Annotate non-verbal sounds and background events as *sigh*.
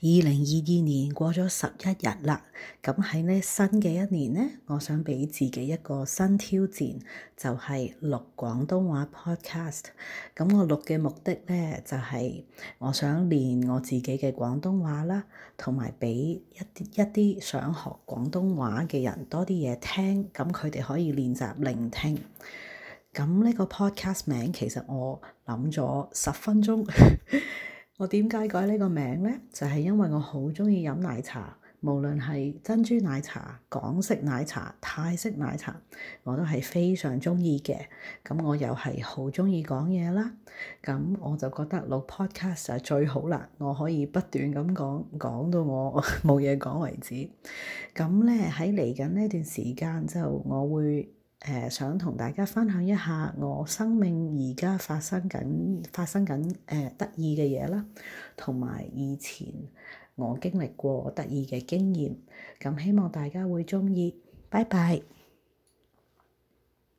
二零二二年過咗十一日啦，咁喺呢新嘅一年呢，我想畀自己一個新挑戰，就係錄廣東話 podcast。咁我錄嘅目的呢，就係我想練我自己嘅廣東話啦，同埋畀一啲一啲想學廣東話嘅人多啲嘢聽，咁佢哋可以練習聆聽。咁呢個 podcast 名其實我諗咗十分鐘。 *laughs* 我點解改呢個名呢？就係、是、因為我好鍾意飲奶茶，無論係珍珠奶茶、港式奶茶、泰式奶茶，我都係非常鍾意嘅。咁我又係好鍾意講嘢啦，咁我就覺得錄 podcast 係最好啦。我可以不斷咁講，講到我冇嘢講為止。咁咧喺嚟緊呢段時間之後，我會誒、呃、想同大家分享一下我生命而家發生緊發生緊誒、呃、得意嘅嘢啦，同埋以前我經歷過得意嘅經驗，咁希望大家會鍾意，拜拜。